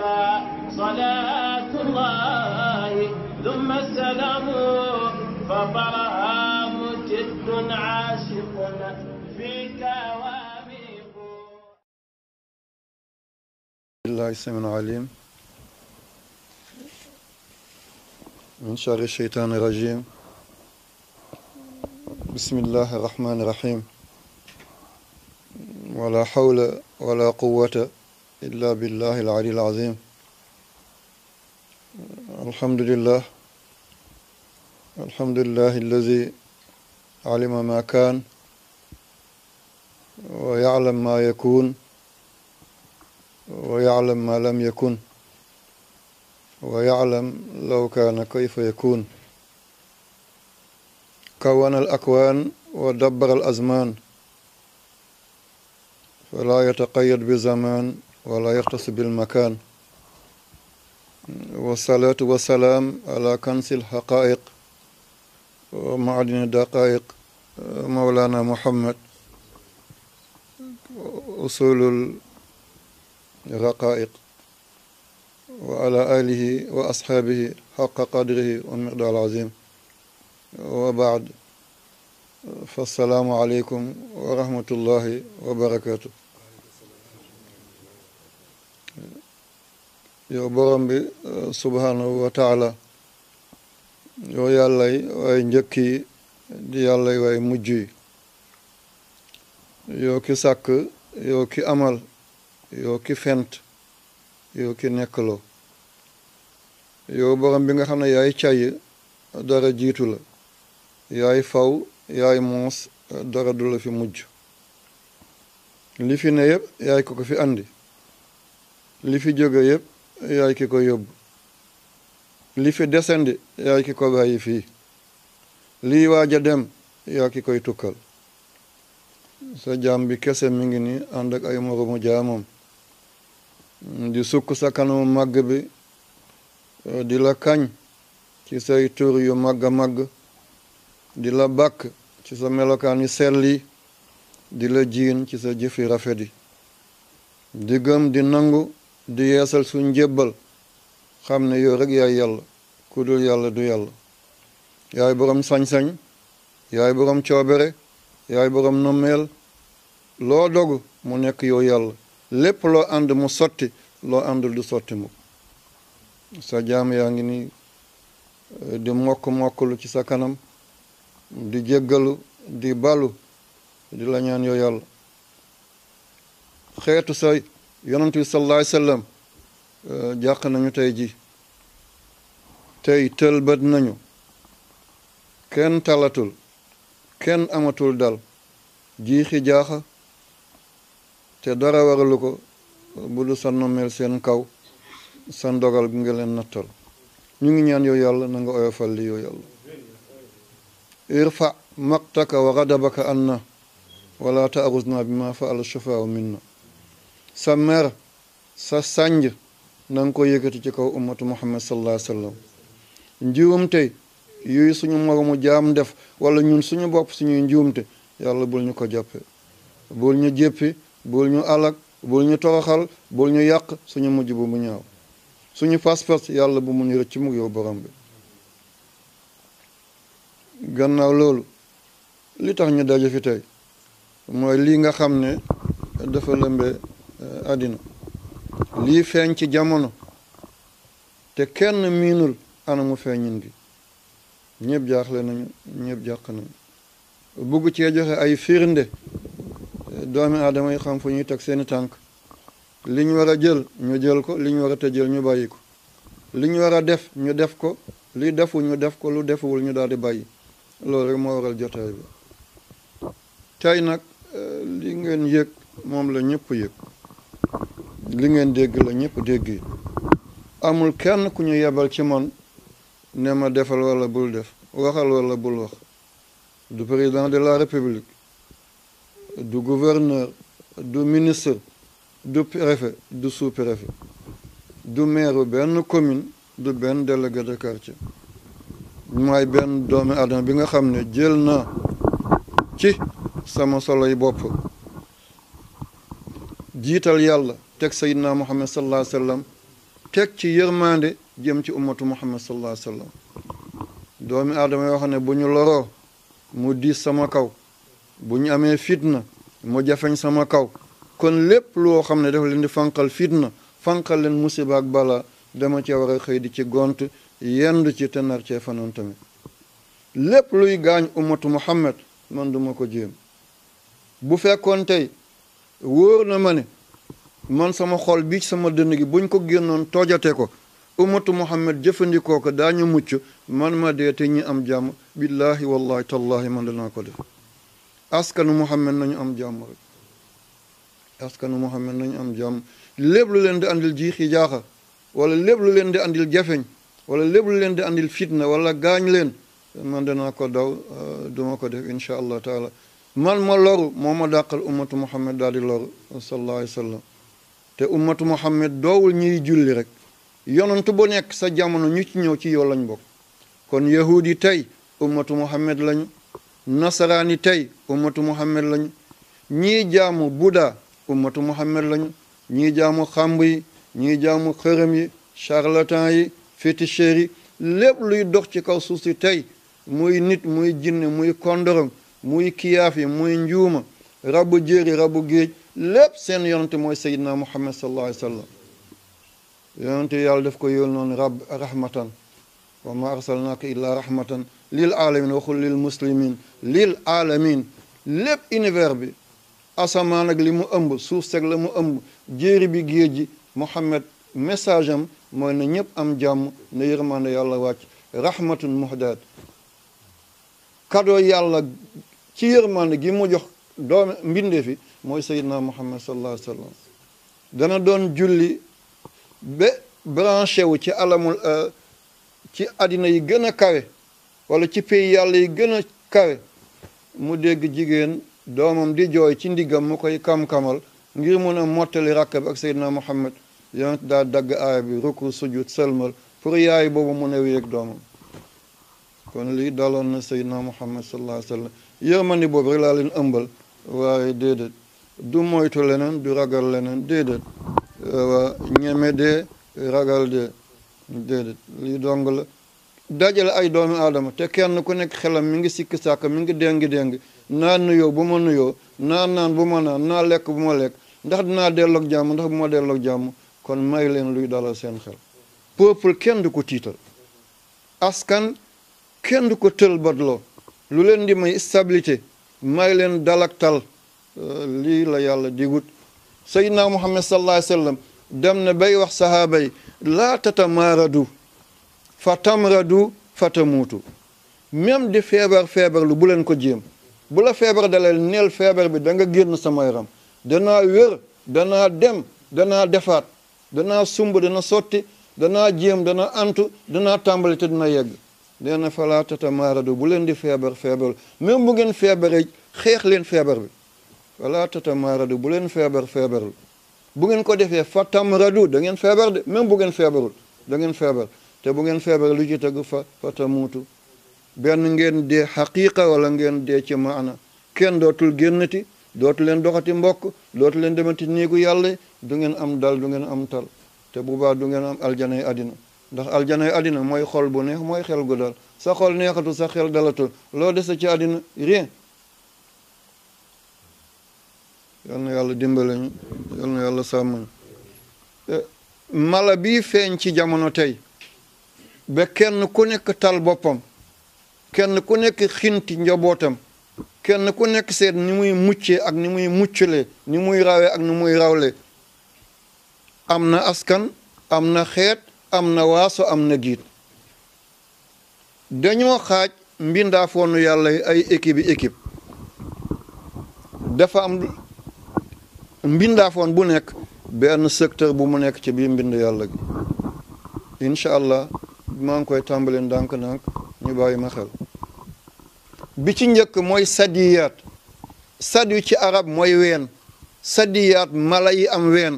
عليك صلاة الله ثم السلام فطرها مجد عاشق فيك واميق الله السميع العليم من شر الشيطان الرجيم بسم الله الرحمن الرحيم ولا حول ولا قوة illaa billahi al-ali al-azim alhamdulillah alhamdulillah allazi alima ma kaan wa ya'lam ma yakun wa ya'lam ma lam yakun wa ya'lam law kaana kayfa yakun kawana al-akwaan wa dabbara al-azmaan fala yataqayyad bi zamaan wala yaxtasu bil makaan wasalaatu wasalaam ala kansil xaqaayiq wa maadini daqaayiq mawlana muhammad usulul raqaayiq wa ala alihi wa asxaabihi xaqa qadrihi wa miqdaal azim wa baad fa assalaamu aleykum wa rahmatullahi wa barakatuh yow borom bi eh, subhaanahu wa taala yow yàllay waay njëkk yi yàllay waay mujj yi yow ki sàkk yow ki amal yow ki fent yow ki nekkaloo yow borom bi nga xam ne yaay cay dara jiitu la yaay faw yaay moos dara du fi mujj li fi ne yëpp yaay ko ko fi andi li fi jóge yëpp yaay ki ko yóbbu li fi desandi yaay ki ko bàyyi fii lii waaj dem yaa ki koy tukkal sa jaam bi kese mi ngi ni ànd ay moromu jaamam di sukk sa kanamu màgg bi eh, di la kañ ci say tur yu mag a màgg di la bàkk ci sa melokaan yi sell yi di la jiin ci sa jëfi rafet yi di di nangu di yeesal suñ jébbal xam ne yow rek yaay yàlla ku dul yàlla du yàlla yaay borom sañ-sañ yaay borom coobere yaay borom nommeel loo dogu mu nekk yow yàlla lépp loo ànd mu sotti loo àndul du sotti mu sa jaam yaa ngi nii di mokk mokklu ci sa kanam di jéggalu di balu di lañaan ñaan yow yàlla xeetu say yonent bi sallallahu euh, jàq nañu tey ji tey tëlbët nañu kenn talatul kenn amatul dal jiixi jaaxa te dara waralu ko bu du sa seen kaw sa ndogal bi nga leen nattal ñu ngi ñaan yow yàlla na nga oyofal li yow yàlla irfa maqtaka wa ghadabaka anna wala ta'ruzna bima fa'ala shufa'u minna sa mer sa sànj na nga ko yëkkati ci kaw ummatu muhammad sallallahu alayhi wa sallam njuumte yooyu suñu moromu jaam def wala ñun suñu bopp suñuy njuumte yàlla bul ñu ko jàppe bul ñu jéppi bul ñu alak bul ñu toroxal bul ñu yàq suñu mujj bu mu ñaaw suñu pas-pas yàlla bu mu ñu rëcc mu yow borom bi gannaaw loolu li tax ñu daje fi tey mooy lii nga xam ne dafa lëmbee Eh, àddina lii feeñ ci jamono te kenn miinul anamu feeñin gi ñëpp jaaxle nañu ñëpp jàq nañu bugg cee joxe ay firnde eh, doomi aadama yi xam fu ñuy teg seeni tànk li ñu war a jël ñu jël ko li ñu war a tëjël ñu bàyyi ko li ñu war a def ñu def ko li defu ñu def ko lu defuwul ñu daal di bàyyi loolu rek moo waral jotaay bi tey nag eh, li ngeen yëg moom la ñëpp yëg li ngeen dégg la ñëpp dégg amul kenn ku ñu yebal ci man ne ma defal walla bul def waxal wala bul wax du président de la république du gouverneur du ministre du préfet du sous du maire benn commune du benn délégué de quartier mooy benn doomi aadama bi nga xam ne jël naa ci sama soloy bopp jiital yàlla teg sayidna muhammad sallallahu alayhi wa teg ci yërmande jëm ci ummatu muhammad sallallahu alayhi wa doomi aadama yoo xam ne bu ñu loroo mu diis sama kaw bu ñu amee fitna mu jafeñ sama kaw kon lépp loo xam ne dafa leen di fanqal fitna fanqal leen musiba ak bala dama cee war a xëy di ci gont yendu ci te nar cee fanoon tamit lépp luy gaañ ummatu muhammad man duma ko jéem bu fekkoon tey wóor na mane man sama xol bi sama dënn gi buñ ko génnoon toojatee ko ummatu muhammad jëfandikoo ko daañu mucc man ma dee te ñi am jàmm billaahi wallahi tallahi man danaa ko def askanu muhammad nañu am jàmm rek askanu muhammad nañu am jàmm lépp lu leen di andil jiixi jaaxa wala lépp lu leen di andil jafeñ wala lépp lu leen di andil fitna wala gaañ leen man danaa ko daw euh, duma ko def incha allah taala man ma loru moom ma dàqal ummatu muhammad daal di loru sallallahu alayhi wa sallam te ummatu muhammad doowul ñuy julli rek yonent bu nekk sa jamono ñu ci ñëw ci yow lañu bokk kon yahuud yi tey ummatu muhammad lañu nasaraan yi tey ummatu muhammad lañu ñii jaamu buda ummatu muhammad lañu ñii jaamu xamb yi ñii jaamu xërëm yi charlatan yi féticheurs yi lépp luy dox ci kaw suuf si tey muy nit muy jinne muy kondorong muy kiyaaf yi muy njuuma rabu jéeri rabu géej lépp seen yonante mooy sayidna muhammad sallallahu alayhi wa sallam yonante yàlla def ko yóon noonu rab rahmatan wa ma arsalnaaka illa rahmatan lil alamin waxul lil muslimin lil alamin lépp univers bi asamaan ak li mu ëmb suuf seg la mu ëmb jéeri bi géej ji Muhammad message am mooy na ñëpp am jàmm na yërmande yàlla wàcc rahmatun muhdaat kado yàlla ci yërmande gi mu jox doome mbindee mooy Seydina Muhammad sallallahu alayhi wa sallam dana doon julli ba branché wu ci alamul euh, ci àddina yi gën a kawe walla ci pays yàlla yi gën a kawe mu dégg jigéen doomam di jooy ci ndiggam mu koy kam-kamal ngir mun a mottali rakk bi ak Seydina Muhammad yonent daa dagg aaya bi rukku sujud selmal pour yaay boobu mun a wéeg doomam kon lii daloon na Seydina Muhammad sallallahu alayhi wa sallam boobu rek ëmbal waaye déedéet du moytu leneen du ragal leneen déedéet ñeme dee ragal dee déedéet li dong la dajale ay doomi aadama te kenn ku nekk xelam mi ngi sikki sàkk mi ngi déngi-déngi naa nuyoo bu ma nuyoo naa naan bu ma naan naa lekk bu ma lekk ndax dinaa delloog jàmm ndax bu ma delloog jàmm kon may leen luy dalal seen xel peuple kenn du ko tiital askan kenn du ko tël badloo lu leen di may stabilité may leen dalak tal Euh, lii la yàlla digut sayyidna muhammad sallallahu alayhi wa sallam dem na bay wax sahaaba yi laa tatamaaradu fa tamradu fa tamuutu même di feebar feebar lu bu leen ko jéem bu la feebar dalal neel feebar bi danga génn sama yaram danaa wér danaa dem danaa defaat dana sumb dana sotti danaa jéem dana antu danaa tàmbali te dina yegg nee na fa laa tatamaaradu bu leen di feebar feebar même bu ngeen feebaree xeex leen feebar bi wala tatamaradu bu leen feebar feebarul bu ngeen ko defee fa tamradu da ngeen feebar de même bu ngeen feebarul da ngeen feebar te bu ngeen feebar lu ci tegu fa fa tamuutu benn ngeen dee xaqiqa wala ngeen dee ci maana kenn dootul génnati dootu leen doxati mbokk dootu leen demati néegu yàlla du ngeen am dal du ngeen am tal te bu baax du ngeen am aljanay àddina ndax aljanay àddina mooy xol bu neex mooy xel gu dal sa xol neexatul sa xel dalatul loo dese ci rien yal na yàlla dimbale ñu yal na yàlla sàmm mala bi feeñ ci jamono tey ba kenn ku nekk tal boppam kenn ku nekk xinti njabootam kenn ku nekk seet ni muy muccee ak ni muy muccalee ni muy rawee ak nu muy rawlee am na askan am na xeet am na waaso am na giit dañoo xaaj mbindaafoonu yàlla ay ekip yi dafa am mbindaafoon bu nekk benn secteur bu mu nekk ci biir mbind yàlla gi incha allah maa ngi koy tàmbali ndànk-ndànk ñu bàyyi ma xel bi ci njëkk mooy sadiyaat sadiyu ci arab mooy ween sadiyaat mala yi am ween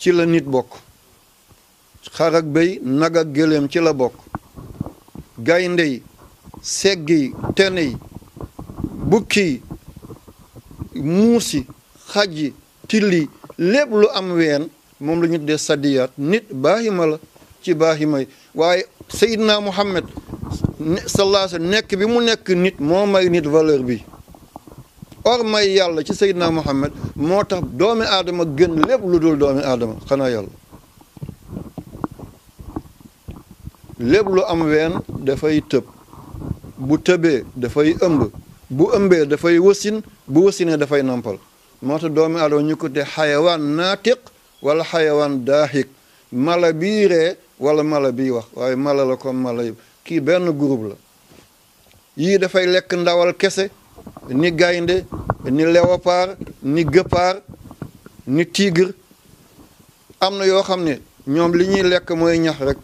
ci la nit bokk xar ak béy nag ak gëléem ci la bokk gaynde yi segg yi tene yi bukki yi muusi xaj yi tilli lépp lu am ween moom la ñu tuddee sadiyaat nit baahima la ci baahima yi waaye Seydina Muhammad sallallahu alayhi nekk bi mu nekk nit moo may nit valeur bi or may yàlla ci Seydina Muhammad moo tax doomi aadama gën lépp lu dul doomi aadama xanaa yàlla lépp lu am ween dafay tëb bu tëbee dafay ëmb bu ëmbee dafay wasin bu wasinee dafay nàmpal moo tax doomu ñu ko te xayawaan naatiq wala xayawaan daahik mala bii ree wala mala bii wax waaye mala la comme mala yëpp kii benn gurub la yii dafay lekk ndawal kese ni gaynde ni léopard ni guépard ni tigre am na yoo xam ne ñoom li ñuy lekk mooy ñax rek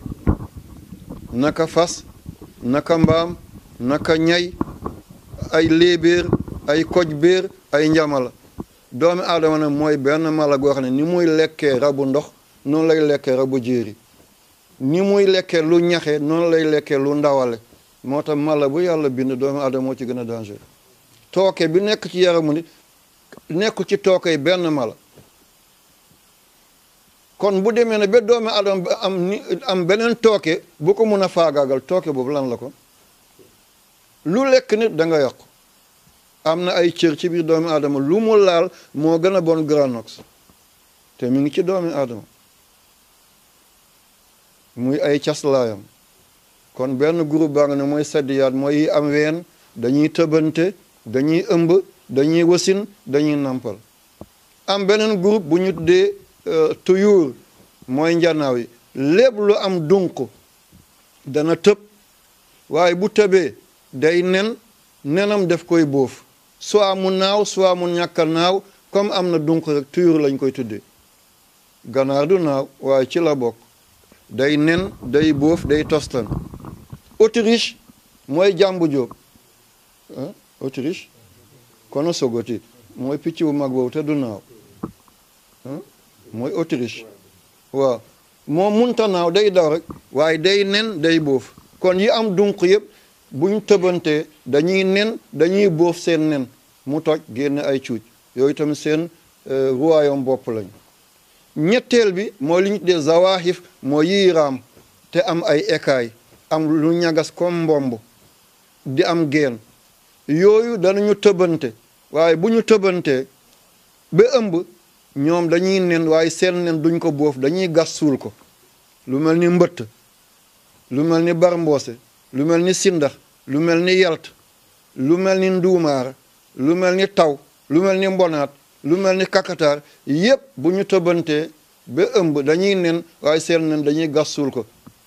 naka fas naka mbaam naka ñay ay léebéer ay koj béer ay njamala doomi aadama nag mooy benn mala goo xam ne ni muy lekkee rabu ndox noonu lay lekkee rabu jéeri ni muy lekkee lu ñaxe noonu lay lekkee lu ndawale moo tax mala bu yàlla bind doomu aadama moo ci gën a danger tooke bi nekk ci yaramu nit nekkul ci tooke yi benn mala kon bu demee ne ba doomu aadama am am beneen tooke bu ko mun a faagaagal tooke boobu lan la ko lu lekk nit danga yokk am na ay cër ci biir doomi adama lu mu laal moo gën a bon grand nox te mi ngi ci doomi aadama muy ay caslaayam kon benn groupe baa nga ne mooy saddiyaat mooy yi am ween dañuy tëbante dañuy ëmb dañuy wasin dañuy nampal am beneen groupe bu ñu tuddee euh, tuyuur mooy njanaaw yi lépp lu am dunq dana tëb waaye bu tëbee day nen nenam def koy boof soit mu naaw soit mu ñàkk naaw comme am na dunq rek tuyur lañ koy tuddee ganaar du naaw waaye ci la bokk day nen day boof day tostan autriche mooy jàmbu jóob autriche kono sogoti mooy picc bu mag boobu te du naaw mooy autriche waaw moom munta naaw day daw rek waaye day nen day boof kon yi am dunq yëpp bu ñu tëbantee dañuy nen dañuy bóof seen nen mu toj génn ay cuuj yooyu tamit seen euh, ruwaayom bopp lañu ñetteel bi mooy li ñu tuddee zawahif moo yiiraam te am ay écailles am lu ñagas comme mbomb di am geen yooyu danañu tëbante waaye bu ñu tëbantee ba ëmb ñoom dañuy nen waaye seen nen duñ ko bóof dañuy gas suul ko lu mel ni mbëtt lu mel ni bar mboose lu mel ni sindax lu mel ni yelt lu mel ni nduumaar lu mel ni taw lu mel ni mbonaat lu mel ni kakataar yépp bu ñu tëbantee ba ëmb dañuy nen waaye seen nen dañuy gas ko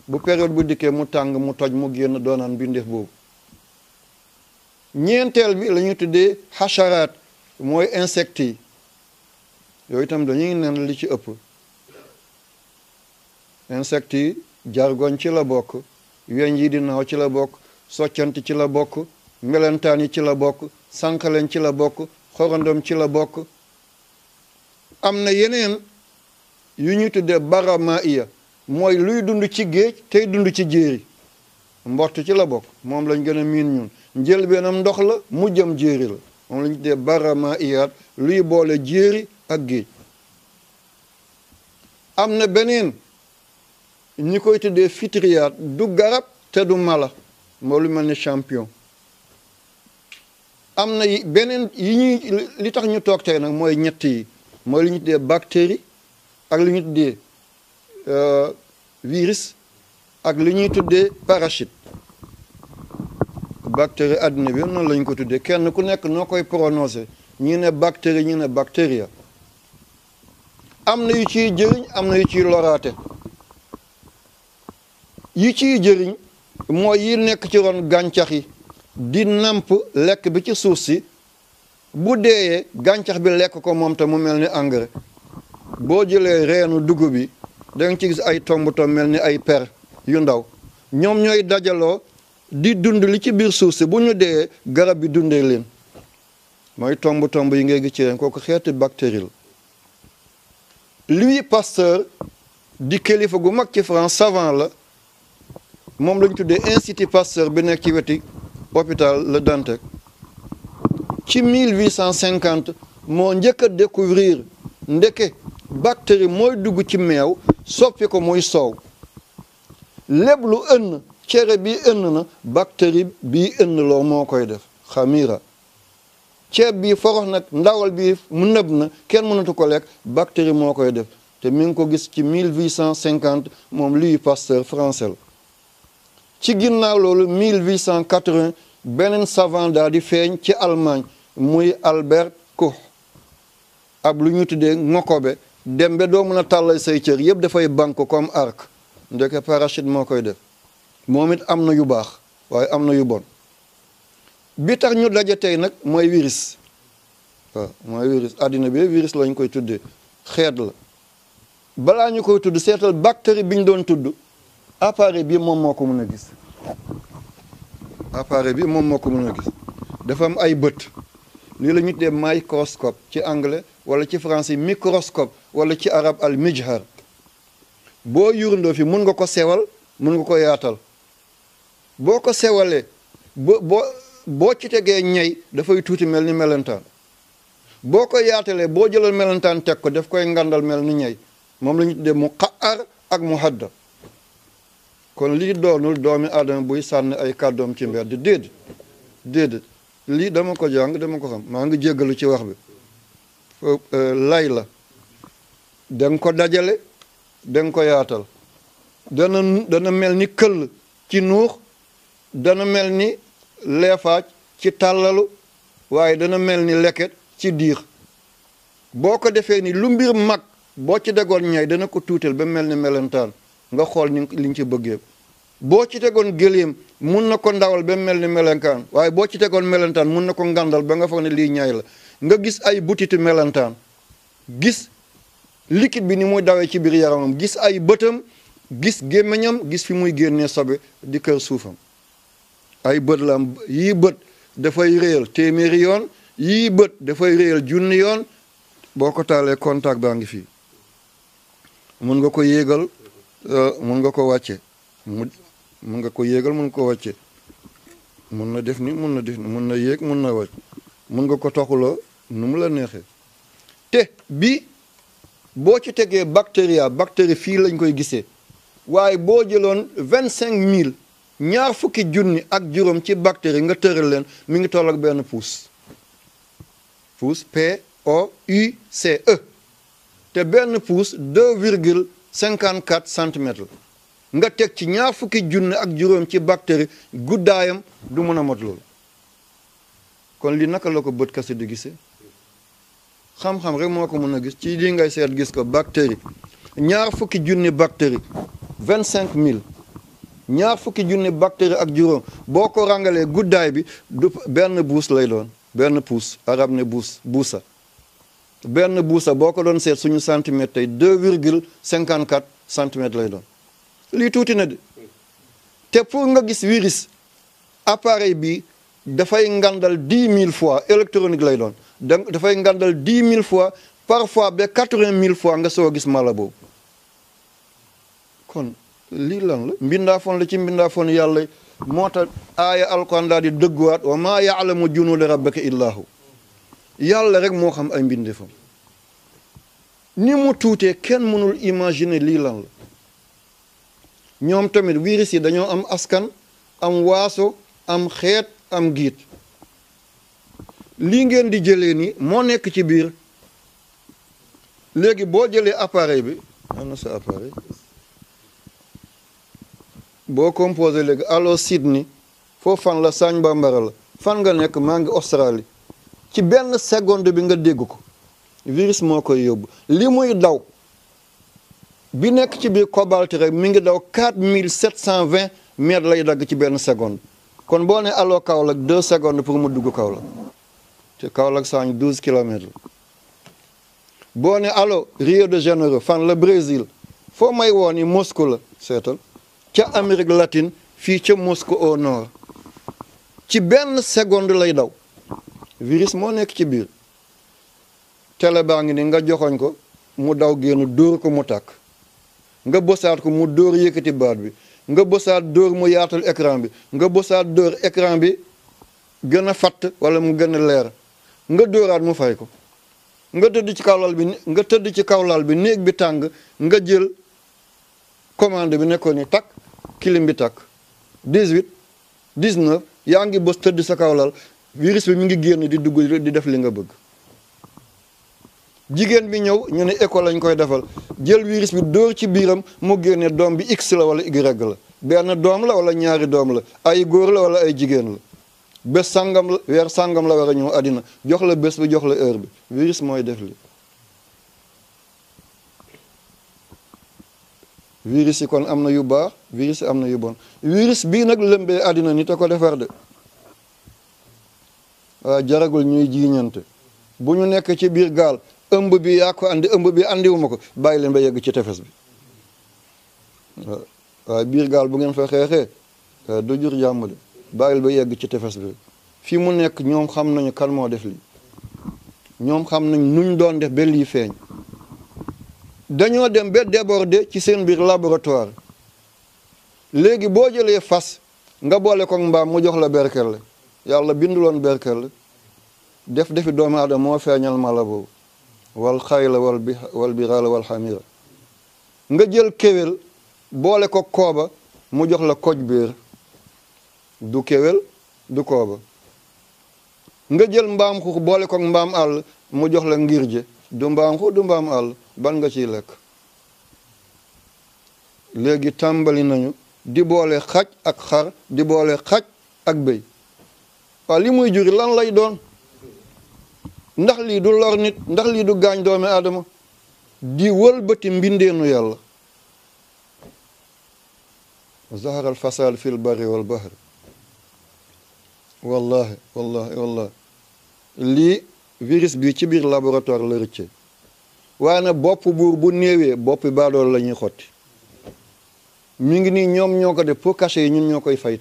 bu période bu dikkee mu tàng mu toj mu génn doonaan bindeef boobu ñeenteel bi la ñu tuddee xacharaat mooy insectes yi yooyu itam dañuy nen li ci ëpp insectes yi jargoñ ci la bokk weñ yi di naaw ci la bokk soccant ci la bokk melentaan yi ci la bokk sànqaleñ ci la bokk xorondom ci la bokk am na yeneen yu ñu tuddee barama iya mooy luy dund ci géej tey dund ci jéeri mbott ci la bokk moom lañ gën a miin ñun njëlbeenam ndox la mujjam jéeri la moom lañ tuddee barama iyaat luy boole jéeri ak géej am na beneen ñi koy tuddee fitriyaat du garab te du mala moo lu mel ni champion am na beneen yi ñuy li tax ñu toog tey nag mooy ñetti yi mooy li ñu tuddee bactérie ak li ñu tuddee euh, virus ak li ñuy tuddee parasite bactérie àddina bi noonu la ñu ko tuddee kenn ku nekk noo koy prononcé ñi ne bactérie ñi ne bactéria am na yu ciy jëriñ am na yu ciy loraate yi ciy jëriñ mooy yi nekk ci ron gàncax yi di namp lekk bi ci suuf si bu deeyee gàncax bi lekk ko moom te mu mel ni engrais boo jëlee reenu dugub bi da nga ci gis ay tomb tomb mel ni ay per yu ndaw ñoom ñooy dajaloo di dund li ci biir suuf si bu ñu deeyee garab bi dundee leen mooy tomb tomb yi ngay gis ci reen kooku xeeti bactérie la Louis Pasteur di kilifa gu mag ci France savant la moom la tuddee institut Pasteur bi ci weti hôpital la Dantec ci 1850 moo njëkk a découvrir ndeke bactérie mooy dugg ci meew soppi ko muy soow lépp lu ënn cere bi ënn na bactérie bi ënn loo moo koy def xamira ceeb bi forox nag ndawal bi mu nëb na kenn mënatu ko lekk bactérie moo koy def te mu ngi ko gis ci 1850 moom lii Pasteur français la ci ginnaaw loolu 1880 beneen savant daal di feeñ ci Allemagne muy Albert Koch ab lu ñu tuddee ŋokobe dem ba doo mën a tàllal say cër yëpp dafay banque comme arc ndeke parachute moo koy def moom it am na yu baax waaye am na yu bon bi tax ñu daje tey nag mooy virus waaw mooy virus àddina bi virus lañ koy tuddee xeet la balaa ñu koy tudd seetal bactérie bi ñu doon tudd appareil bii moom moo ko mën a gis appareil bi moom moo dafa am ay bët lii la ñu tuddee microscope ci anglais wala ci français microscope wala ci arab al mijhar boo yurndoo fi mun nga ko sewal mun nga ko yaatal boo ko sewalee boo ci tegee ñey dafay tuuti mel ni melentaan boo ko yaatalee boo jëlal melentaan teg ko daf koy ngandal mel ni ñay moom la ñu tuddee mu qaar ak mu haddal kon lii doonul doomi aadama buy sànni ay kàddoom ci mbedd déedéet déedéet lii dama ko jàng dama ko xam maa ngi jéggalu ci wax bi euh, euh, lay la da ko dajale da ko yaatal dana mel ni këll ci nuux dana mel ni leefaaj ci tàllalu waaye dana mel ni leket ci diir boo ko defee ni lu mbir mag boo ci degoon ñay dana ko tuutal ba mel ni melentaan nga xool ñu li ñu ci bëgg yëpp boo ci tegoon géléem mun na ko ndawal ba mel ni melentaan waaye boo ci tegoon melentaan mun na ko ngàndal ba nga foog ne lii ñaay la nga gis ay butitu melentaan gis liquide bi ni muy dawee ci biir yaramam gis ay bëtam gis gémmiñam gis fi muy génnee sobe di kër suufam ay bët la am bët dafay réyal téeméeri yoon yii bët dafay réyal junni yoon boo ko taalee contact baa ngi fii mun nga ko yégal Euh, mun nga ko wàcce mu mun nga ko yégal mun ko wàcce mun na def ni mun na def ni mun na yéeg mun na wàcc mun nga ko toxuloo nu mu la neexee te bi boo ci tegee bactéria bactérie fii lañ koy gisee waaye boo jëloon vingt cinq mille ñaar fukki junni ak juróom ci bactérie nga tëral leen mi ngi tollak benn pouce pouce P O U C E te benn pouce deux virgule cinquante quatre centimètres nga teg ci ñaar fukki junne ak juróom ci bactérie guddaayam du mën a mot loolu kon li naka la ko bët kese di gisee xam-xam rek moo ko mën a gis ci lii ngay seet gis ko bactérie ñaar fukki junni bactérie vingt cinq mille ñaar fukki junni bactérie ak juróom boo ko rangalee guddaay bi du benn buus lay doon benn puus arab ne buus buusa benn buusa boo ko doon seet suñu centimètre tey deux virgule cinquante quatre centimètres lay doon li tuuti na de te pour nga gis virus appareil bi dafay ngandal dix mille fois électronique lay doon donc dafay ngandal dix mille fois parfois ba quatre-vingt mille fois nga soo gis mala boobu kon lii lan la mbindaafoon la ci mbindaafoon yàlla moo tax aaya alquran daal di dëgguwaat wa maa yaalamu junuuda rabbika illaahu yàlla rek moo xam ay mbindeefam ni mu tuutee kenn mënul imaginer lii lan la ñoom tamit virus yi dañoo am askan am waaso am xeet am giit lii ngeen di jëlee ni moo nekk ci biir léegi boo jëlee appareil bi ana sa appareil boo composé léegi allo Sydney foofu fan la Sagne Bambara la fan nga nekk maa ngi Australie ci benn seconde bi nga dégg ko virus moo koy yóbbu li muy daw bi nekk ci biir cobalt rek mi ngi daw 4720 mètres lay dagg ci benn seconde kon boo ne allo Kaolack deux secondes pour mu dugg Kaolack te Kaolack saañ 12 kilomètres boo ne allo Rio de Janeiro fan la Brésil foo may woo ni Moscou la seetal ca Amérique latine fii ca Moscou au nord ci benn seconde lay daw virus moo nekk ci biir tele baa ngi ni nga joxoñ ko mu daw génn dóor ko mu tàkk nga bosaat ko mu dóor yëkkati baat bi nga bosaat dóor mu yaatal écran bi nga bosaat dóor écran bi gën a fàtt wala mu gën a leer nga dóoraat mu fay ko nga tëdd ci kawlal bi nga tëdd ci kawlal bi néeg bi tàng nga jël commande bi nekkoon ni takk kilim bi takk 18 19 yaa ngi bës tëdd sa kawlal wiris bi mi ngi génn di dugg di def li nga bëgg jigéen bi ñëw ñu ne école lañ koy defal jël virus bi dóor ci biiram mu génne doom bi x la wala y la benn doom la wala ñaari doom la ay góor la wala ay jigéen la bés sàngam weer sàngam la war a ñëw àddina jox la bés bi jox la heure bi virus mooy def li virus yi kon am na yu baax virus am na yu bon virus bii nag lëmbee àddina ni te ko defar de waa euh, jaragul ñuy jiiñante bu ñu nekk ci biir gaal ëmb bi yaa ko andi ëmb bi andiwu ko bàyyi leen ba yegg ci tefes bi euh, waaye biir gaal bu ngeen fa xeexee euh, du jur jàmm de bàyyil ba yegg ci tefes bi fii mu nekk ñoom xam nañu kan moo def lii ñoom xam nañ nuñ doon def ba lii feeñ dañoo dem ba de ci seen biir laboratoire léegi boo jëlee fas nga boole ko mbaam mu jox la berkelle yàlla binduloon berkel def defi doomu aadama moo feeñal mala boobu wal xayla wal biraala wal xamira nga jël kéwél boole ko kooba mu jox la koj biir du kéwél du kooba nga jël mbaam xux boole ko mbaam àll mu jox la ngir je du mbaam xux du mbaam àll ban nga ciy lekk léegi tàmbali nañu di boole xaj ak xar di boole xaj ak béy waaw li muy juri lan lay doon ndax lii du lor ndax lii du gaañ doomi aadama di bëti mbindeenu yàlla zahara al fasad fi l barri wallahi wallahi wallahi lii virus bi ci biir laboratoire la rëcce waaye nag bopp buur bu néewee boppi baadool la ñuy xotti mi ngi nii ñoom ñoo ko def pour cacher yi ñun ñoo koy fay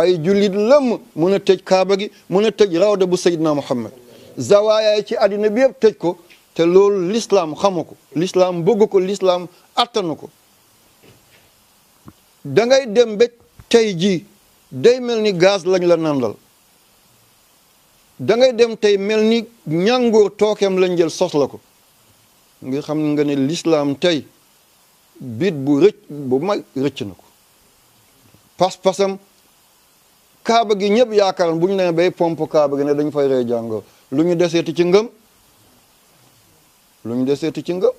ay jullit lëmm mën a tëj kaaba gi mën a tëj rawda bu Seydina Muhammad zawaayaay ci àddina bi yëpp tëj ko te loolu lislaam xamu ko lislaam bëgg ko lislaam attanu ko dangay ngay dem ba tey jii day mel ni gaz lañ la nandal dangay dem tey mel ni ñàngoor tookeem lañ jël sosla ko ngi xam nga ne lislaam tey bit bu rëcc bu mag rëcc ko pas-pasam kaaba gi ñëpp yaakaaroon bu ñu nee bay pomp kaaba gi ne dañu fay ree jàngoo lu ñu deseeti ci ngëm lu ñu deseeti ci ngëm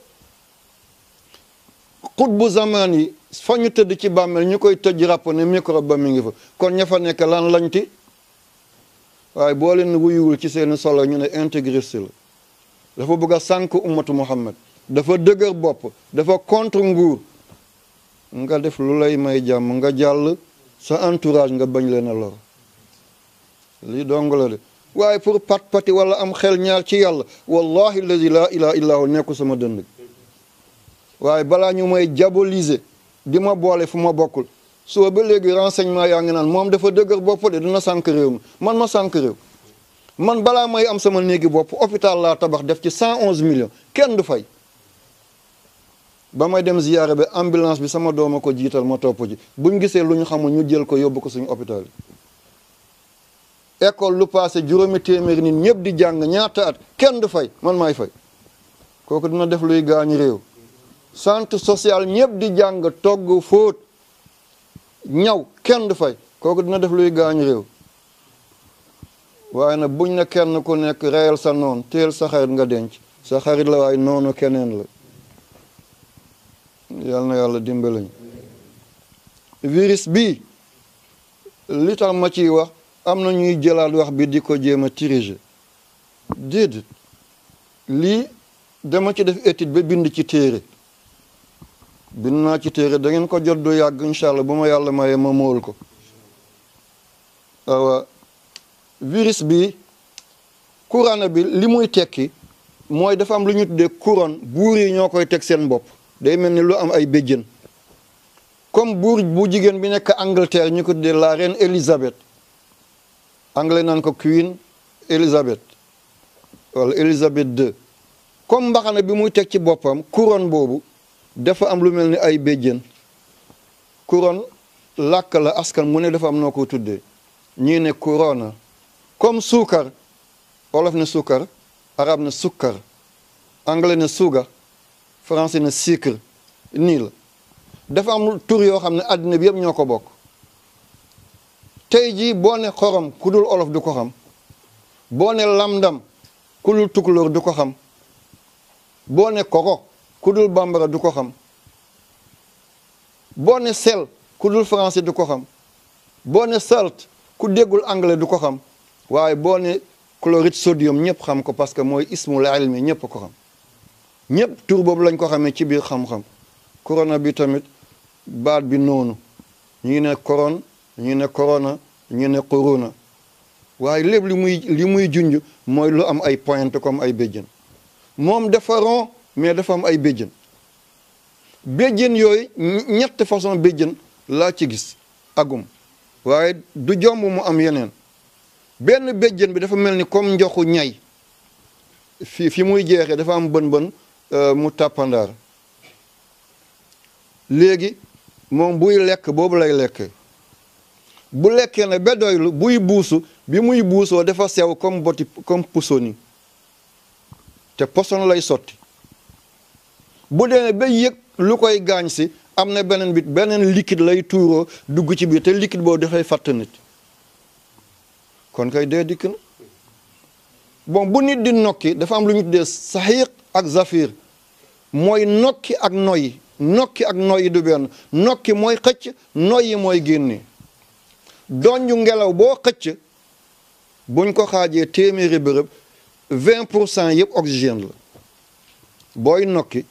bu zamaan yi fa ñu tëdd ci bàmmeel ñu koy tëj ràpp ne microbe ba mi ngi fa kon ña fa nekk lan lañti waaye boo leen wuyuwul ci seeni solo ñu ne intégriste la dafa bëgg a sànk ummatu dafa dëgër bopp dafa contre nguur nga def lu lay may jàmm nga jàll sa entourage nga bañ leen a lor li dong la de waaye pour pat pati wala am xel ñaar ci yàlla wallahi lazi laa ilaha illa hu nekku sama dënd waaye balaa ñu may diaboliser di ma boole fu ma bokkul suba ba léegi renseignement yaa ngi naan moom dafa dëgër bopp de dina sànq réew man ma sànq man balaa may am sama néegi bopp hôpital laa tabax def ci cent onze millions kenn du fay ba may dem ziyaare bi ambulance bi sama doom ako jiital ma topp ci buñ gisee lu ñu xamul ñu jël ko yóbbu ko suñu hôpital yi école lu passé juróomi téeméeri nit ñëpp di jàng ñaata at kenn du fay man may fay kooku dina def luy gaañu réew sant social ñëpp di jàng togg fóot ñaw kenn du fay kooku dina def luy gaañu réew waaye nag buñ ne kenn ku nekk reyal sa noon teel sa xarit nga denc sa xarit la waaye noonu keneen la yal na yàlla dimbalañ virus bi li tax ma ci wax am na ñuy jëlaat wax bi di ko jéem a diriger déedéet lii dama ci def étude ba bind ci téere bind naa ci téere dangeen ko jot du yàgg incha allah bu ma yàlla maye ma mool ko waaw virus bi corona bi li muy tekki mooy dafa am lu ñu tuddee couronne buur yi ñoo koy teg seen bopp day mel ni lu am ay béjjén comme buur bu jigéen bi nekk Angleterre ñu ko tuddee la reine Elizabeth anglais naan ko Queen Elizabeth wala Elizabeth II comme mbaxana bi muy teg ci boppam couronne boobu dafa am lu mel ni ay béjjén couronne làkk la askan mu ne dafa am noo ko tuddee ñii ne couronne comme suukar wolof ne suukar arab ne sukkar anglais ne suuga français na sucre nii la dafa am tur yoo xam ne àddina bi yëpp ñoo ko bokk tey jii boo ne xorom ku dul olof du ko xam boo ne lamdam ku dul tukulóor du ko xam boo ne ku dul bambara du ko xam boo ne sel ku dul français du ko xam boo ne salt ku déggul anglais du ko xam waaye boo ne chlorite sodium ñëpp xam ko parce que mooy ismul ilmi ñëpp ko xam ñëpp tur boobu lañ ko xamee ci biir xam-xam corona bi tamit baat bi noonu ñi ne koron ñi ne corona ñi ne corona waaye lépp li muy li muy junj mooy lu am ay pointe comme ay béjjën moom dafa rond mais dafa am ay béjjën béjjën yooyu ñett façon béjjën laa ci gis agum waaye du jomb mu am yeneen benn béjjën bi dafa mel ni comme njoxu ñay fi fi muy jeexee dafa am bën-bën Euh, mu tàppandaar léegi moom buy lekk boobu lay lekk bu lekkee ne ba doylu buy buusu bi muy buusoo dafa sew comme boti comme ni te poson lay sotti bu dee ne ba yëg lu koy gaañ si am na beneen bit beneen liquide lay tuuroo dugg ci biir te liquide boobu dafay fàtt nit kon kay dee dikk na bon bu nit di nokki dafa am lu ñu tuddee saxiiq ak zafir mooy nokki ak noyyi nokki ak noyyi du benn nokki mooy xëcc noyyi mooy génne ju ngelaw boo xëcc buñ ko xaajee téeméeri bërëb vingt pour cent yëpp oxygène la booy nokki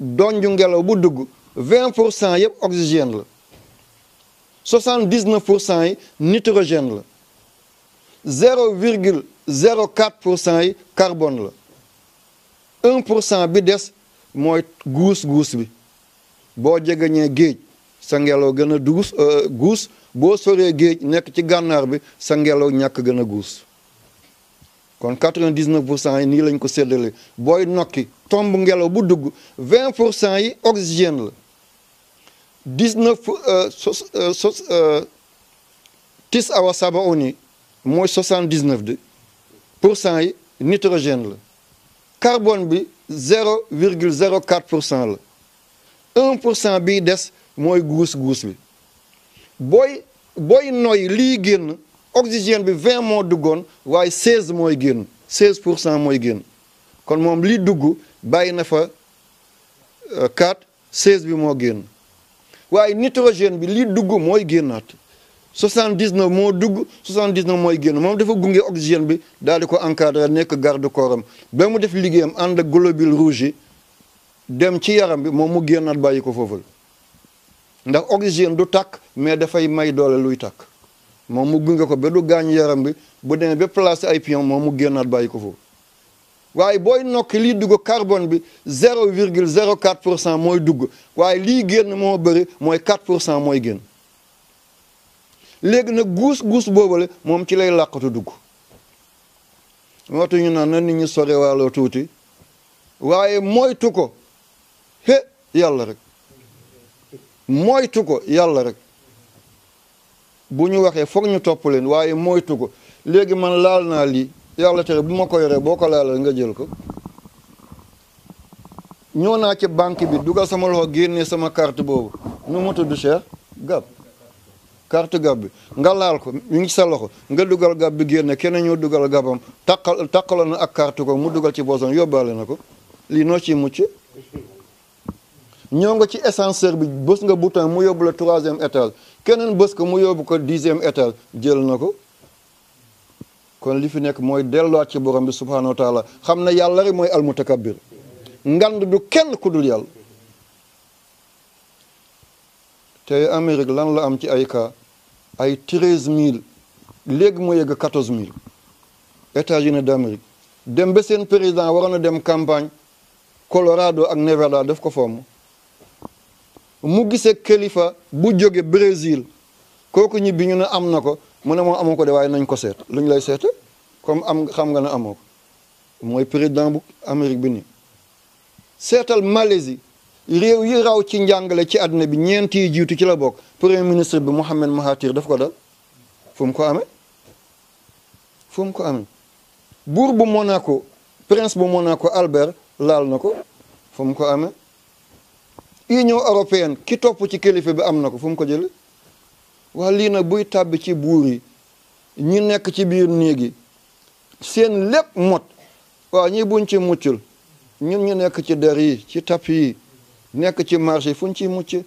donju ngelaw bu dugg vingt pour cent yëpp oxygène la soixante dix pour cent yi nitrogène la zéro virgule zéro quatre pour cent yi carbon la un pour cent bi des mooy guus guus bi boo jegeñee géej sa ngelaw gën a duus euh, guus boo soree géej nekk ci gànnaar bi sa ngelaw ñàkk gën a guus kon 99 pour cent yi nii lañ ko séddale booy nokki tomb ngelaw bu dugg 20 pour cent yi oxygène la 19 euh, sos euh, sos tis awa oni mooy 79 de pour cent yi nitrogène la carbone bi zéro virgule zéro quatre cent la un pour cent bii des mooy guus guus bi booy booy noy lii génn oxygène bi vingt moo duggoon waaye seize mooy génn seize pour cent mooy génn kon moom lii dugg bàyyi na fa euh, quatre seize bi moo génn waaye nitrogène bi li dugg mooy génnaat 79 moo dugg 79 mooy génn moom dafa gunge oxygène bi daal di ko encadré nekk garde corps am ba mu def liggéeyam ànd ak globule rouge yi dem ci yaram bi moom mu génnaat bàyyi ko foofu ndax oxygène du tàkk mais dafay may doole luy tàkk moom mu gunge ko ba du gaañ yaram bi bu demee ba placé ay pion moom mu génnaat bàyyi ko foofu waaye booy nokk liy dugg carbone bi 0 virgule 04 pour cent mooy dugg waaye lii génn moo bëri mooy 4 pour cent mooy génn. léegi nag guus guus boobule moom ci lay làqatu dugg moo ñu naan na nit ñi sore waaloo tuuti waaye moytu ko he yàlla rek moytu ko yàlla rek bu ñu waxee foog ñu topp leen waaye moytu ko léegi man laal naa lii yàlla tere bu ma ko yoree boo ko laalal nga jël ko ñëw naa ci banque bi dugal sama loxo génnee sama kart boobu nu mu tudd cher gab carte gab bi nga laal ko ñu ngi sa loxo nga dugal gab bi génne keneen ñoo dugal gabam taqal taqaloon na ak kart ko mu dugal ci boson yóbbaale na ko lii noo ciy mucc ñoo nga ci essencer bi bës nga bouton mu yóbbu la troisième étage keneen bës ko mu yóbbu ko dixième étage jël na ko kon li fi nekk mooy delluwaat ci borom bi subhaanahu wa xam na yàlla rek mooy almutakabbir ngand du kenn ku dul yàlla tey Amérique lan la am ci ay cas ay treize mille léegi moo yëg quatorze mille États-Unis d'Amérique dem ba seen président waroon a dem campagne Colorado ak Nevada def ko fomm mu gisee kilifa bu jóge Brésil kooku ñibbi ñu ne am na ko mu ne moo amoo ko de waaye nañ ko seet lu ñu lay seete comme am xam nga ne amoo mooy président bu Amérique bi nii seetal Malaisie réew yi raw ci njàngale ci àddina bi ñeenti jiitu ci la bokk premier ministre bi Mohamed Mahathir daf ko dal fu mu ko amee fu mu ko amee buur bu Monaco prince bu Monaco Albert laal na ko fu mu ko amee union européenne ki topp ci kilifa bi am na ko fu mu ko jële waa lii nag buy tàbbi ci buur yi ñi nekk ci biir néegi seen lépp mot waaw ñi buñ ci muccul ñun ñu nekk ci der yi ci tap yi nekk ci marché yi fu ñu ciy mucc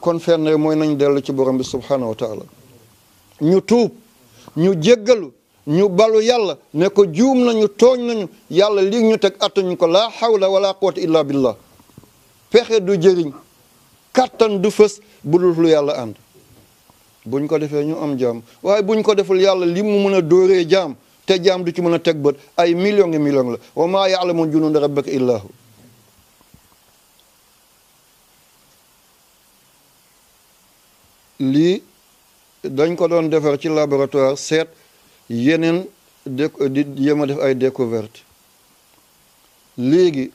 kon fen fenn mooy nañ dellu ci borom bi subhaanahu wa ñu tuub ñu jéggalu ñu balu yàlla ne ko juum nañu tooñ nañu yàlla lii ñu teg attañu ko la laa xawla wala quwata illa billah pexe du jëriñ kàttan du fës bu dul lu yàlla ànd buñ ko defee ñu am jaam bu ñu ko deful yàlla li mu mën a dóoree jaam te jaam du ci mun a teg bët ay million ngi million la wa maa yaalamu junuuda rabbika illaahu lii dañ ko doon defar ci laboratoire seet yeneen euh, di yéem a def ay découverte léegi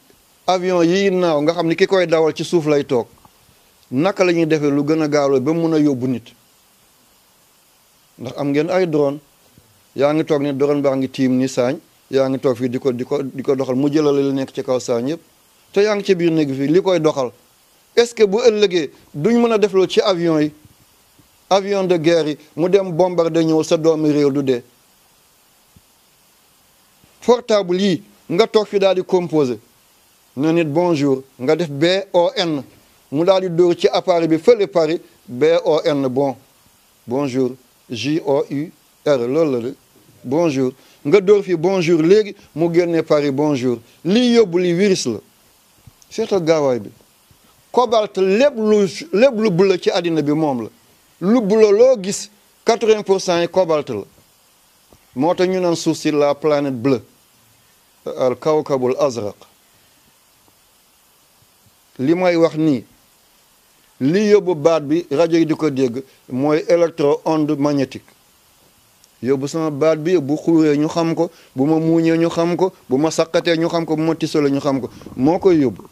avion yi naaw nga xam ni ki koy dawal ci suuf lay toog naka lañuy defee lu gën a gaawlo ba mun a yóbbu nit ndax am ngeen ay drone yaa ngi toog ni drone baa ngi tiim ni saañ yaa ngi toog fii di ko di ko di ko doxal mu jëlale li nekk ci kaw saañ yëpp te yaa ngi ci biir néeg fii li koy doxal est-ce que bu ëllëgee duñ mën a defloo ci avion yi avion de guerre yi mu dem bombarde ñëw sa doomi réew du dee portable yi nga toog fi daal di composé na nit bonjour nga def BON mu daal di dóor ci appareil bi fële Paris BON bon bonjour JOUR loolu la de bonjour nga dóor fi bonjour léegi mu génnee Paris bonjour lii yóbbu li virus la seetal gaawaay bi cobalt lépp lu lépp lu bula ci àddina bi moom la lu bulo loo gis 80 pour cent yi cobalt la moo tax ñu naan suuf si la planète bleue al kawkabul azraq li may wax nii li yóbbu baat bi rajo yi di ko dégg mooy électro onde magnétique yóbbu sama baat bi bu xuuree ñu xam ko bu ma muuñee ñu xam ko bu ma saqatee ñu xam ko bu ma tisalee ñu xam ko moo koy yóbbu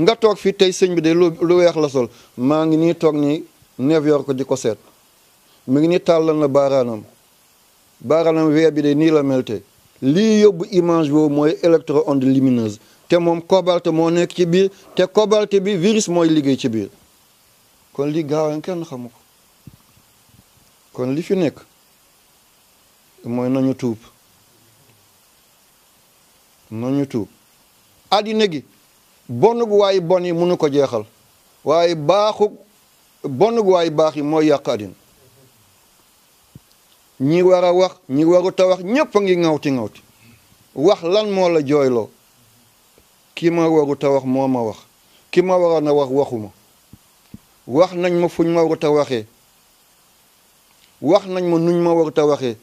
nga toog fii tey sëñ bi de lu weex la sol maa ngi nii toog nii New York di ko seet mu ngi nii tàllal na baaraanam baaraanam weer bi de nii la melte lii yóbbu image boobu mooy électro-onde lumineuse te moom cobalt moo nekk ci biir te cobalt bi virus mooy liggéey ci biir kon li gaawan kenn xamu ko kon li fi nekk mooy nañu tuub nañu tuub àddina gi bonug waay bon yi mënu ko jeexal waaye baaxug bonug waay baax yi mooy yàq àddina ñi war a wax ñi warut a wax ñëpp a ngi ŋawti ŋawti wax lan moo la jooyloo ki ma warut a wax moo ma wax ki ma waroon a wax waxuma wax nañ ma fuñ ma warut a waxee wax nañ ma nuñ ma warut a waxee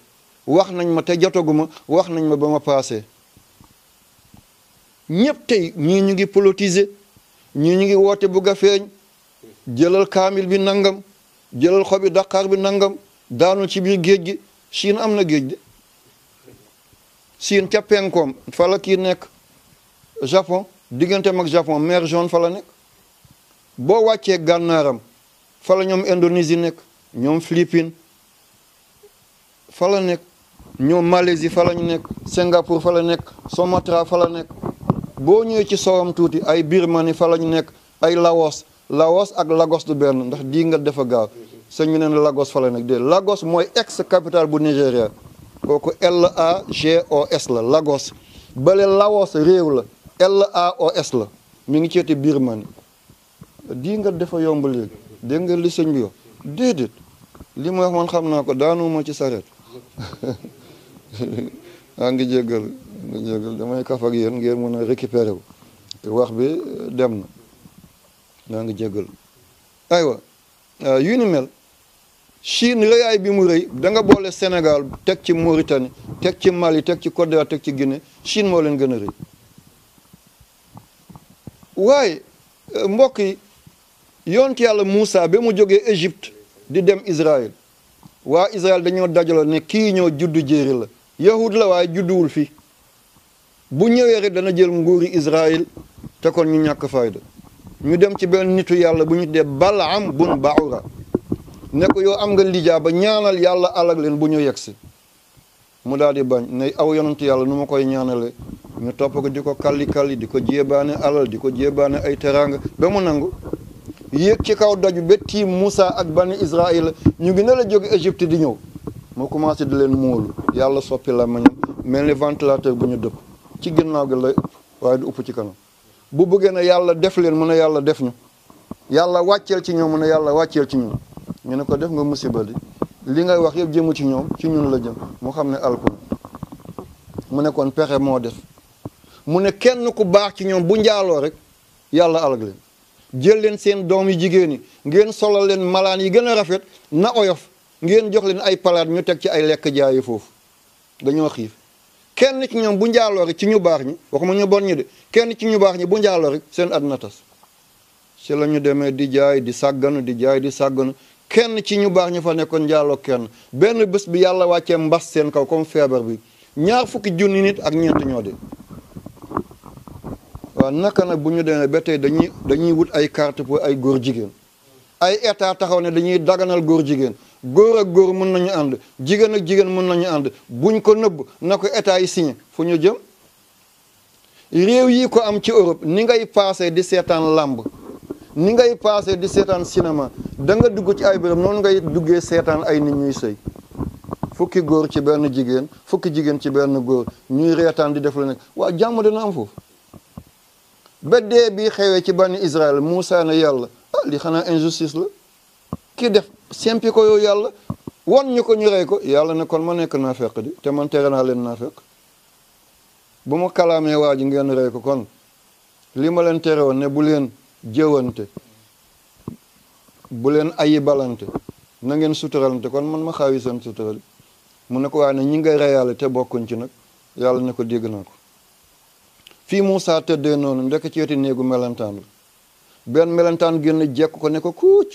wax nañ ma te jotaguma wax nañ ma ba ma paasee ñépp tey ñii ñu ngi politiser ñii ñu ngi woote bugg a feeñ jëlal kaamil bi nangam jëlal xobi daqaar bi nangam daanul ci biir géej gi siin am na géej de siin ca penkoom fa kii nekk japon digganteem ak japon mer fala nekk boo wàccee gànnaaram fa la ñoom indonésie nekk ñoom philippines fa la nekk ñoom malaisie fa la ñu nekk singapour fa la nekk somatra fala nekk boo ñëwee ci sowam tuuti ay Birmanie fa la ñu nekk ay Laos Laos ak Lagos du benn ndax di nga dafa gaaw sëñ bi neen Lagos fa la nekk de Lagos mooy ex capital bu Nigéria kooku LAGOS la Lagos bale Laos réew la LAOS la mi ngi ceeti Birmanie di nga defa yomb léegi dégg li sëñ bi yow déedéet li ma man xam naa ko daanuma ci sareet maa ngi jéggal nga jégal damay kaf ak yéen ngeen mën a récupéré wu wax bi euh, dem na maa ngi jégal aywa euh, yu ni mel Chine rëyaay bi mu rëy danga boole Sénégal teg ci Mauritanie teg ci Mali teg ci Côte ci Guinée Chine moo leen gën a rëy waaye euh, mbokk yi yont yàlla Moussa ba mu jógee Égypte di dem Israël waa Israël dañoo dajaloo ne kii ñëw juddu jéeri la yahud la waaye judduwul fii bu ñëwee rek dana jël nguuri Israël te kon ñu ñàkk fayda ñu dem ci benn nitu yàlla bu ñu dee Balaam bun Baura ne ko yow am nga lijaaba ñaanal yàlla alag leen bu ñu yegsi mu daal di bañ ne aw yonantu yàlla nu ma koy ñaanale ñu topp ko di ko kalli kalli di ko jéebaane alal di ko jéebaane ay teraanga ba nangu yéeg ci kaw daju ba tiim Moussa ak bani Israël ñu ngi ne la jóge Égypte di ñëw mu commencé di leen móolu yàlla soppi la mañam mel ni ventilateur bu ñu dëpp ci ginnaaw gi la waaye du upp ci kanam bu bëggee na yàlla def leen mu ne yàlla def ñu yàlla wàcceel ci ñoom mu ne yàlla wàcceel ci ñun ñu ne ko def nga musiba li li ngay wax yëpp jëmu ci ñoom ci ñun la jëm mu xam ne alkul mu nekkoon pexe moo def mu ne kenn ku baax ci ñoom bu njaaloo rek yàlla alag leen jël leen seen doom yi jigéen yi ngeen solal leen malaan yi gën a rafet na oyof ngeen jox leen ay palaat ñu teg ci ay lekk jaayi foofu dañoo xiif kenn ci ñoom bu njaaloo ci ñu baax ñi waxuma ñu bon ñi de kenn ci ñu baax ñi bu njaaloo seen àdduna tas ci la ñu demee di jaay di sàgganu di jaay di sàgganu kenn ci ñu baax ñi fa nekkoon njaaloo kenn benn bés bi yàlla wàccee mbas seen kaw comme feebar bi ñaar fukki junni nit ak ñeent ñoo de waaw naka nag bu ñu demee ba tey dañuy dañuy wut ay carte pour ay góor jigéen ay état taxaw ne dañuy daganal góor jigéen góor ak góor mën nañu ànd jigéen ak jigéen mën nañu ànd buñ ko nëbb na ko état yi signé fu ñu jëm réew yi ko am ci Europe ni ngay paase di seetaan làmb ni ngay paase di seetaan cinéma da nga dugg ci ay béréb noonu ngay duggee seetaan ay nit ñuy sëy fukki góor ci benn jigéen fukki jigéen ci benn góor ñuy reetaan di def la nekk waa jàmm dina am foofu ba bi xewee ci bànni Israël Moussa ne yàlla ah li xanaa injustice la kii def simpi ko yow yàlla wan ñu ko ñu rey ko yàlla ne kon ma nekk naa feq di te man tere naa leen naa feq bu ma kalaamee waa ji ngeen rey ko kon li ma leen tere woon ne bu leen jëwante bu leen ayibalante na ngeen suturalante kon man ma xaawi seen sutural mu ne ko waaye ne ñi ngay reyaale te bokkuñ ci nag yàlla ne ko dégg naa ko fii Moussa tëddee noonu ndekk ci wetu néegu melentaan la benn melentaan génn jekk ko ne ko kuuc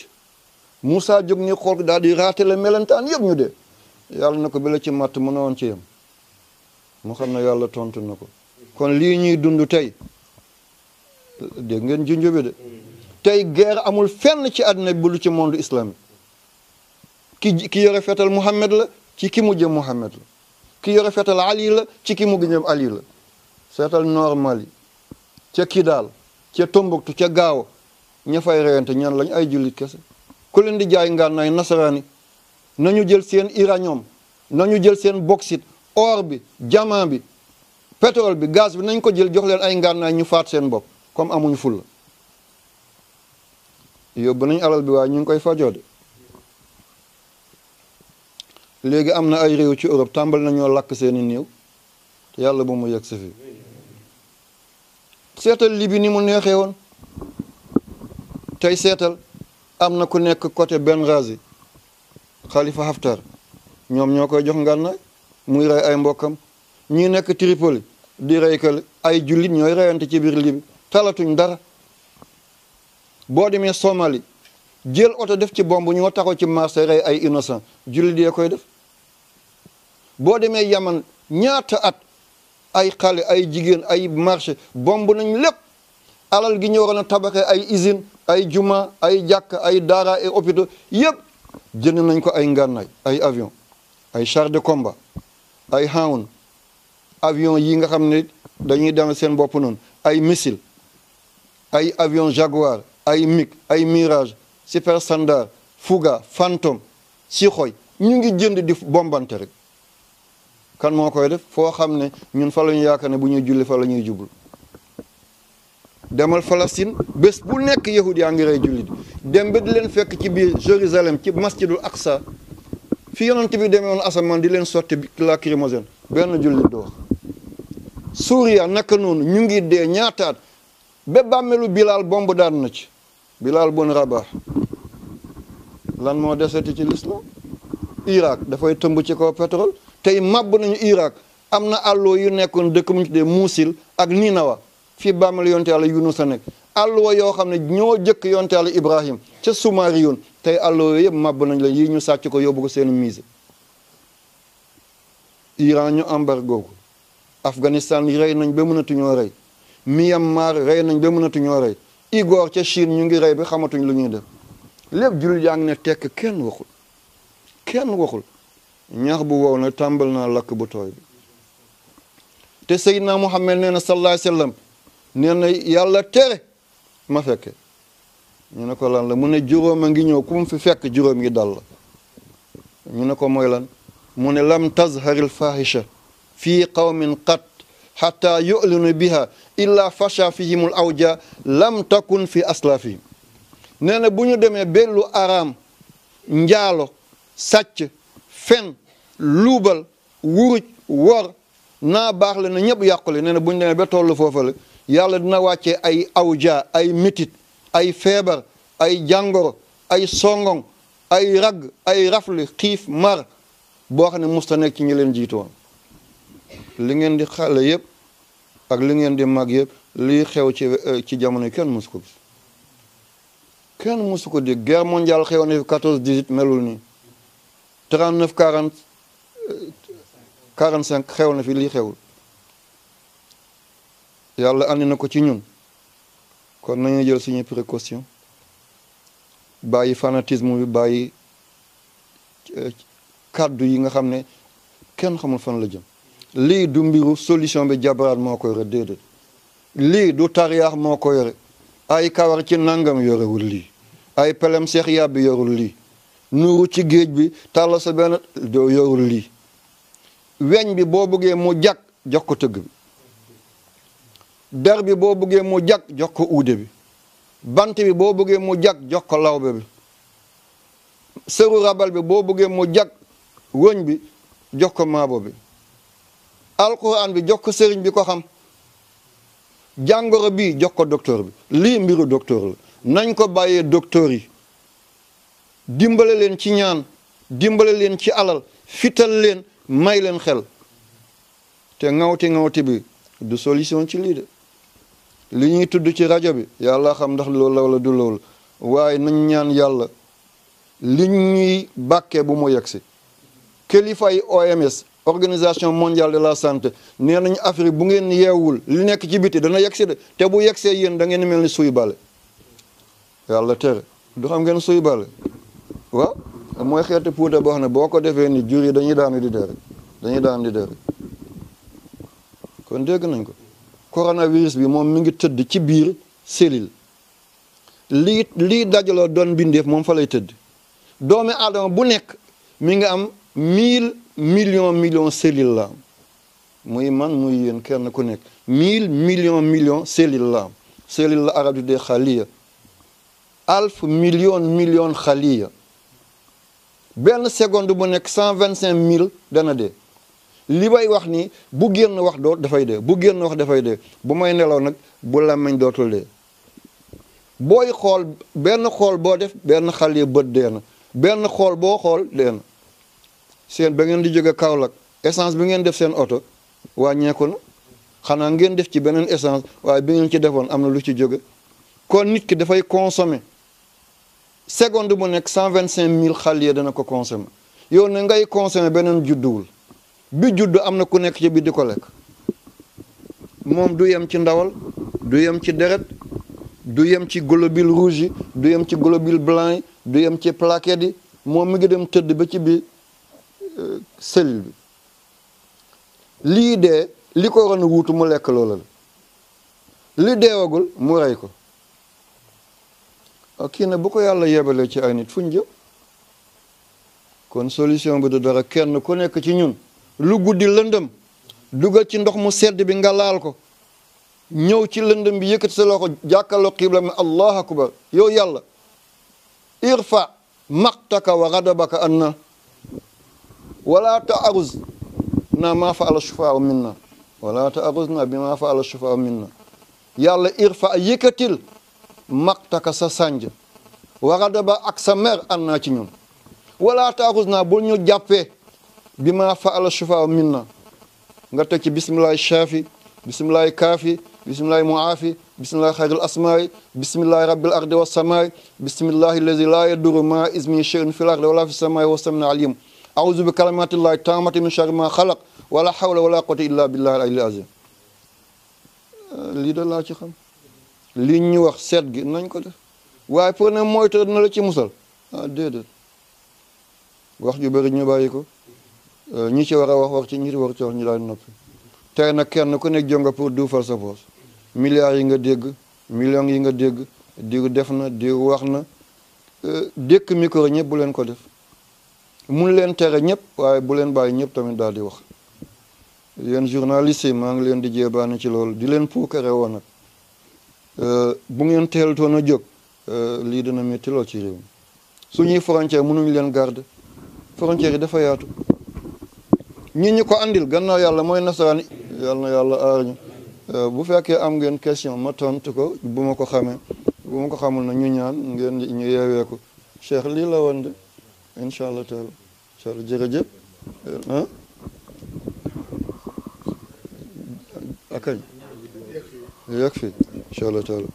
Moussa jog ñu xool daal di raate la melentaan yëpp ñu de yàlla na ko bi la ci matt mën a woon ci yam mu xam ne yàlla tontu na ko kon lii ñuy dund tey dégg ngeen junjo bi de tey guerre amul fenn ci àddina bu lu ci monde islamique ki ki yore fetal Muhammad la ci ki mu jëm Muhammad la ki yore fetal Ali la ci ki mu jëm Ali la seetal nord Mali ca Kidal ca Tombouctou ca Gao ña reyante ñan lañu ay jullit kese ku leen di jaay ngànnaay nasaraani nañu jël seen uranium nañu jël seen bauxite or bi diamant bi pétrole bi gaz bi nañ ko jël jox leen ay ngànnaay ñu faat seen bopp comme amuñ fulla yóbbu nañ alal bi waaye ñu ngi koy fajoo de léegi am na ay réew ci Europe tàmbali nañoo lakk seeni niiw yàlla bu mu yegg si fi seetal Libi ni mu neexee woon tey seetal am na ku nekk côté Benghazi Khalifa Haftar ñoom ñoo koy jox ngànnaay muy rey ay mbokkam ñi nekk Tripoli di rey kële ay jullit ñooy reyante ci biir Libi talatuñ dara boo demee somali jël oto def ci bomb ñoo taxaw ci marché rey ay innocent jullit yee koy def boo demee Yaman ñaata at ay xale ay jigéen ay marché bomb nañ lépp alal gi ñu waroon a tabaxee ay usine ay juma ay jàkk ay daara ay hôpitaux yëpp jënd nañ ko ay ngànnaay ay avion ay char de combat ay Hound avion yi nga xam ne dañuy dem seen bopp noonu ay missile ay avion Jaguar ay MiG ay Mirage Super Standard Fouga Phantom Sukhoi ñu ngi jënd di bombante rek kan moo koy def foo xam ne ñun fa la ñu yaakaar ne bu ñuy julli fa la ñuy jublu demal Palestine bés bu nekk yahud yaa ngi rey jullit dem ba di leen fekk ci biir Jérusalem ci masjidul Aqsa fi yonent bi demee woon asamaan di leen sotti lacrymogène benn jullit doo Suuriya naka noonu ñu ngi dee ñaataat ba bàmmeelu Bilaal bomb daan na ci Bilaal bon Rabah lan moo deseti ci l'islam Irak dafay tëmb ci kaw pétrole tey màbb nañu Irak am na àlloo yu nekkoon dëkk mu ñu tuddee Muusil ak Ninawa fii bàmmeel yonte yàlla Yunusa nekk àlluwa yoo xam ne ñoo jëkk yonte yàlla Ibrahim ca Soumarioune tey àlluwa màbb nañ la yii ñu sàcc ko yóbbu ko seen musée Iran ñu embargo ko Afghanistan rey nañ ba mënatuñoo rey Myanmar rey nañ ba mënatuñoo rey Igor ca Chine ñu ngi rey bi xamatuñu lu ñuy def lépp jullit yaa ngi ne tekk kenn waxul kenn waxul ñax bu wow na tàmbal naa lakk bu tooy bi te Seydina Muhammad nee na sallallahu alayhi nee na yàlla tere ma fekke ñu ne ko lan la mu ne a ngi ñëw ku fi fekk juróom yi dal la ñu ne ko mooy lan mu ne lam tazharil fahisha fii qawmin qat xata yulinu biha illa fasha fihimul awja lam takun fi aslafihim nee na bu ñu demee bellu araam njaalo sàcc fen luubal wuruj wor naa baax le na ñëpp yàqule nee na bu ñu demee ba tollu foofale yàlla dina wàcce ay awja ay métit ay feebar ay jàngoro ay songoŋ ay ragg ay rafli xiif mar boo xam ne musta nekk ci ñi leen jiitoon li ngeen di xale yëpp ak li ngeen di mag yëpp li xew ci eh, ci jamono kenn musu ko gis kenn musu ko dégg guerre mondiale xew na fi 14 ni melul nii 39 40 45 xew na fi lii xewul yàlla andi na ko ci ñun kon nañu jël suñuy précaution bàyyi fanatisme bi bàyyi euh, kàddu yi nga xam ne kenn xamul fan la jëm lii du mbiru solution bi jabaraat moo ko yore déedéet lii du tariyaax moo ko yore ay kawar ci nangam yorewul lii ay pelem seex yàbbi yorul lii nuuru ci géej bi tàll sa benn doo yorul lii weñ bi boo bëggee mu jàkk jox ko tëgg bi der bi boo bëggee mu jag jox ko uude bi bant bi boo bëggee mu jag jox ko lawbe bi sëru rabal bi boo bëggee mu jag wëñ bi jox ko maabo bi alquran bi jox ko sëriñ bi ko xam jàngoro bi jox ko docteur bi lii mbiru docteur la nañ ko bàyyee docteur yi dimbale leen ci ñaan dimbale leen ci alal fital leen may leen xel te ŋawti ŋawti bi du solution ci lii de li ñuy tudd ci rajo bi yàlla xam ndax loolu la wala du loolu waaye nañ ñaan yàlla li ñuy bàkkee bu mu yegg si kilifa yi OMS organisation mondiale de la santé nee nañ Afrique bu ngeen yeewul li nekk ci biti dana yegg si de te bu yegg see yéen da ngeen mel ni suy bale yàlla tere du xam ngeen suy bale waaw mooy xeeti puuta boo xam ne boo ko defee ni jur yi dañuy daanu di dee rek dañuy daanu di dee rek kon dégg nañ ko coronavirus bi moom mi ngi tëdd ci biir cellule li li dajaloo doon bindeef moom fa lay tëdd doomi aadama bu nekk mi nga am mille million millions cellules la muy man muy yéen kenn ku nekk mille million millions cellules la cellule la arab di dee xaliya alf million million xaliya benn seconde bu nekk cent vingt cinq mille dana dee li may wax nii bu génn wax doo dafay dee bu génn wax dafay dee bu may nelaw nag bu làmmiñ dootul dee booy xool benn xool boo def benn xale bët dee na benn xool boo xool dee na seen ba ngeen di jóge Kaolack essence bi ngeen def seen oto wàññeeku na xanaa ngeen def ci beneen essence waaye bi ngeen ci defoon am na lu ci jóge kon nit ki dafay consommer seconde bu nekk cent vingt cinq mille xale dana ko consommer yow ne ngay consommer beneen judduwul bi judd am na ku nekk ci biir di ko lekk moom du yem ci ndawal du yem ci deret du yem ci globule rouge yi du yem ci globule blanc yi du yem ci plaquette yi moom mi ngi dem tëdd ba ci biir euh, cellule bi lii dee li ko waroon wuutu mu lekk loola la li deewagul mu rey ko ak kii ne bu ko yàlla yebale ci ay nit fu ñu jëm kon solution bi du dara kenn ku nekk ci ñun lu guddi lëndëm dugal ci ndox mu sedd bi nga laal ko ñëw ci lëndëm bi yëkkati sa loxo jàkkaloo xibla mi allahu akbar yow yàlla irfa maqtaka wa gadabaka an na wala na maa fa ala shufaau min na wala taaruz na bi maa ala shufaau min na irfa yëkkatil maqtaka sa sànj wa mer an ci ñun wala taaruz na bul ñu bi maa faala sufaa min nga teg ci bisimilahi shaafi bisimilahi kaafi bisimilahi muaafi bisimilahi xayril asmaay bisimilahi rabbil ardi wa samaay bisimilahi lazi laa ma ismi shay'un fil ardi wala fi samaay wa samin alim auzu bi kalimatillahi taamati min sharri ma xalaq wala xawla wala quwwata illa billahi al-aliyyil azim euh, lii ci xam li ñu wax set gi nañ ko def waaye pour ne moytu na la ci musal ah déedéet wax ju bëri ñu bàyyi ko Euh, ñi ci war a wax wax ci ñi war ci wax ñi daal noppi tey nag kenn ku nekk jonga pour duufal sa poos milliards yi nga dégg million yi nga dégg diw def na diw wax na euh, dékk micro ñëpp bu leen ko def mun leen tere ñëpp waaye bu leen bàyyi ñëpp tamit daal di wax yéen journaliste yi maa ngi leen di jéebaane ci loolu di leen puukare woon nag euh, bu ngeen teeltoon a jóg lii dina métti lool ci réew mi suñuy frontière mënuñu leen garder frontière yi dafa yaatu ñi ñu ko andil ganna yàlla mooy nasaraan yàlla na yàlla euh, bu fekkee am ngeen question ma tontu ko bu ma ko xamee bu ma ko xamul na ñu ñaan ngeen ñu yeewee ko cheikh lii la woon de incha allah taala incha allah jërëjëf euh, ah akañ yeg fi allah taala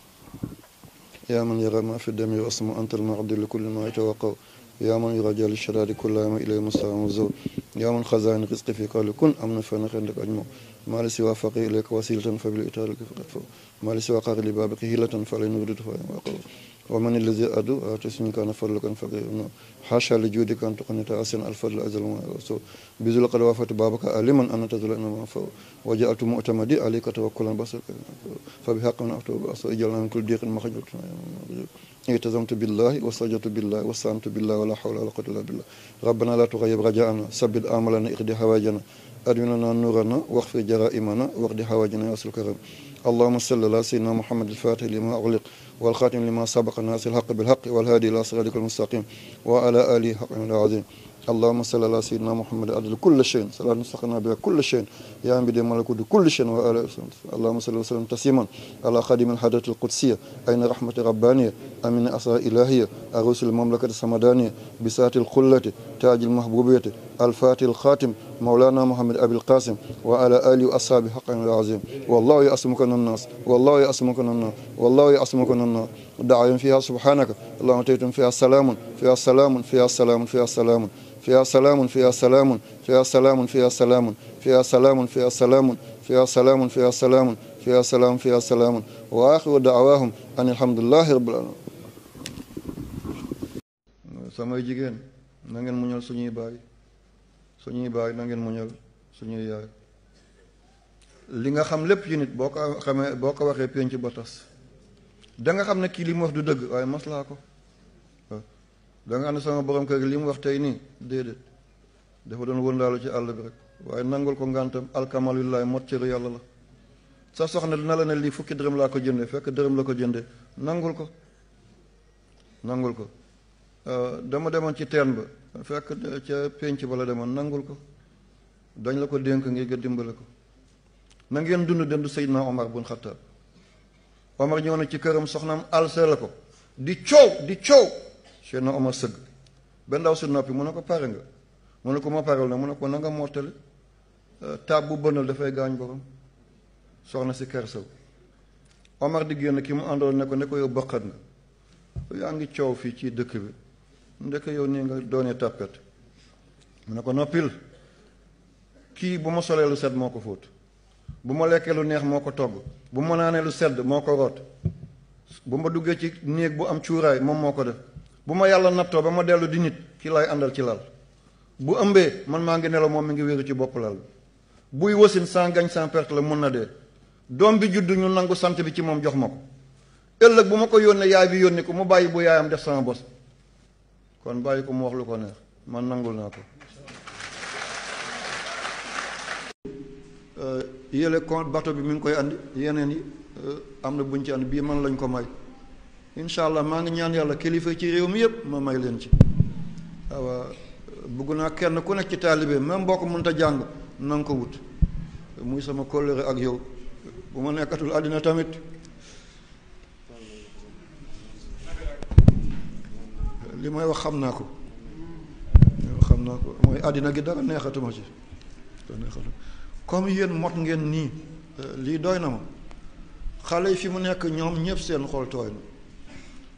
yaa man yara ma fi dami wasmu antal li kulli ma yatawaqaw يا من يرجى للشرار كل ما إليه مستعان الزور يا من خزائن الرزق في قال كن أمنا فأنا عندك أجمع ما لسوى فقي إليك وسيلة فبالإتالك فقد فوق ما لسوى قاقل بابك هيلة فلن يرد فأنا وقوم ومن الذي أدو أعتسني كان فضلك فقير حاشا لجودك أن تقنت أسن الفضل أزل وأسو بذل قد وافت بابك ألما أن تزل أن فو وجعلت مؤتمدي عليك توكلا بصرك فبحق من أكتب أصو إجلنا من كل ضيق مخجلتنا يا اعتصمت بالله وصجدت بالله واستعنت بالله ولا حول ولا قوة إلا بالله ربنا لا تغيب رجاءنا ثبت آملنا اقض حواجنا أدمنا نورنا واغفر جرائمنا واقض حواجنا يا رسول الكريم اللهم صل على سيدنا محمد الفاتح لما أغلق والخاتم لما سبق الناس الحق بالحق والهادي إلى صراطك المستقيم وعلى آله حق العظيم اللهم صل على سيدنا محمد عدد كل شيء صلاة نسخنا بها كل شيء يا عم بدي ملكوت كل شيء وآل اللهم صل وسلم تسليما على خادم الحضرة القدسية أين رحمة ربانية أمين أسرى إلهية أغوث المملكة السمدانية بساعة الخلة تاج المحبوبية الفاتح الخاتم مولانا محمد أبي القاسم وعلى آله وأصحابه حقا العظيم والله يعصمك من الناس والله يعصمك من الناس والله يعصمك من الناس دعاء فيها سبحانك اللهم أتيتم فيها سلام فيها سلام فيها سلام فيها سلام فيها سلام فيها سلام فيها سلام فيها سلام فيها سلام فيها سلام فيها سلام فيها سلام فيها سلام فيها سلام وآخر دعواهم أن الحمد لله رب العالمين samay jigéen na ngeen muñal suñuy baay suñuy baay na ngeen muñal suñuy yaay li nga xam lépp yi nit boo ko xamee boo ko waxee penc ba tas da xam ne kii li mu wax du dëgg waaye maslaa ko da am xam ne sama borom kër gi li mu wax tey nii déedéet dafa doon wëndaalu ci àll bi rek waaye nangul ko ngantam alkamalullahi mot cëru yàlla la sa soxna na la ne lii fukki dërëm laa ko jënde fekk dërëm la ko jëndee nangul ko nangul ko dama demoon ci teen ba fekk ca pénc bala demoon nangul ko dañ la ko dénk ngir nga dimbale ko nangeen dund dem du Seydina Omar bun Xattaab Omar ñëw na ci këram soxna alsee la ko di coow di coow Seydina Omar sëgg benn ndaw si noppi mu ne ko pare nga mu ne ko ma parel mu ne ko na nga mottali euh, taab bu bënal dafay gaañ borom soxna si kersaw Omar di génn ki mu àndal ne ko ne ko yow bëqat nga yaa ngi coow fii ci dëkk bi ndeke yow nii nga doonee tàppet mu ne ko noppil kii bu ma solee lu sedd moo ko fóot bu ma lekkee lu neex moo ko togg bu ma naanee lu sedd moo ko root bu ma duggee ci néeg bu am cuuraay moom moo ko def bu ma yàlla nattoo ba ma dellu di nit ki lay àndal ci lal bu ëmbee man maa ngi nelaw moom mi ngi wéeru ci bopp lal buy wasin sans gagne san perte la mën na dee doom bi judd ñu nangu sant bi ci moom jox ma ko ëllëg bu ma ko yónnee yaay bi yónni ko mu bàyyi bu yaayam def sama bos kon bàyyi ko mu wax lu ko neex man nangul naa ko euh, yële kon bato bi mu ngi koy andi yeneen yi euh, am na buñ ci andi bii man lañ ko may incha allah maa ngi ñaan yàlla kilifa ci réew mi yëpp ma may leen ci waaw bëgg naa kenn ku nekk ci taalibe même boo ko mënta jàng na ko wut muy sama kóllëre ak yow bu ma nekkatul àddina tamit li may wax xam naa ko xam naa mooy àddina gi dara neexatuma ci comme yéen mot ngeen nii euh, lii doy na ma xale yi fi mu nekk ñoom ñëpp seen xol tooy na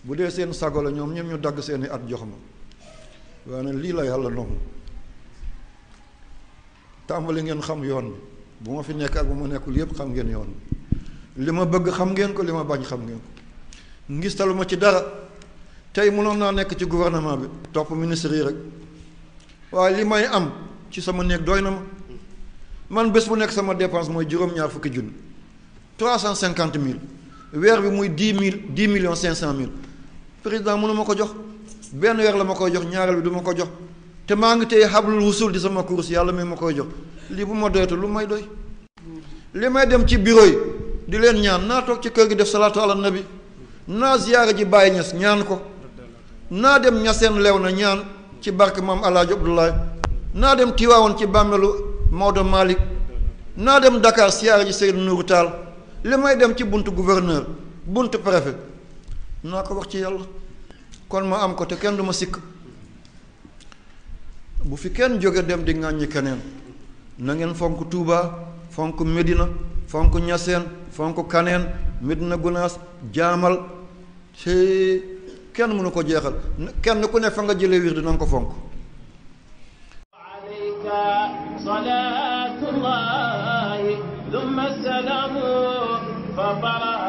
bu dee seen sago la ñoom ñëpp ñu dagg seeni at jox ma waaye nag lii la yàlla noonu tàmbali ngeen xam yoon bi bu ma fi nekk ak bu ma nekkul yépp xam ngeen yoon bi li ma bëgg xam ngeen ko li ma bañ xam ngeen ko ngistalu ci dara tey mënoon naa nekk ci gouvernement bi topp ministre yi rek waaye li may am ci sama néeg doy na ma man bés bu nekk sama dépense mooy juróom-ñaar fukki junni trois cent cinquante mille weer bi muy dix mille dix million cinq cent mille président mënu ma ko jox benn weer la ma koy jox ñaareel bi du ma ko jox te maa ngi tey xablul wusul di sama course yàlla mi ma koy jox lii bu ma doyatu lu may doy li may dem ci bureau yi di leen ñaan naa toog ci kër gi def salaatu ala nabi naa ziyaara ji bàyyi ñes ñaan ko naa dem ñaseen lew na ñaan ci barke maam alaaji abdoulaye naa dem tiwaawoon ci bàmmeelu Maodo Malick naa dem Dakar siyaare ji Seydou Nourou Tall li may dem ci buntu gouverneur buntu préfet naa ko wax ci yàlla kon ma am ko te kenn du ma sikk bu fi kenn jóge dem di ŋàññi keneen na ngeen fonk tuuba fonk Medina fonk Ñaseen fonk Kaneen Medina Gunaas jaamal te kenn mënu ko jeexal kenn ku ne fa nga jëlee wird na nga ko fonk alayka salaatullahi thumma salaamu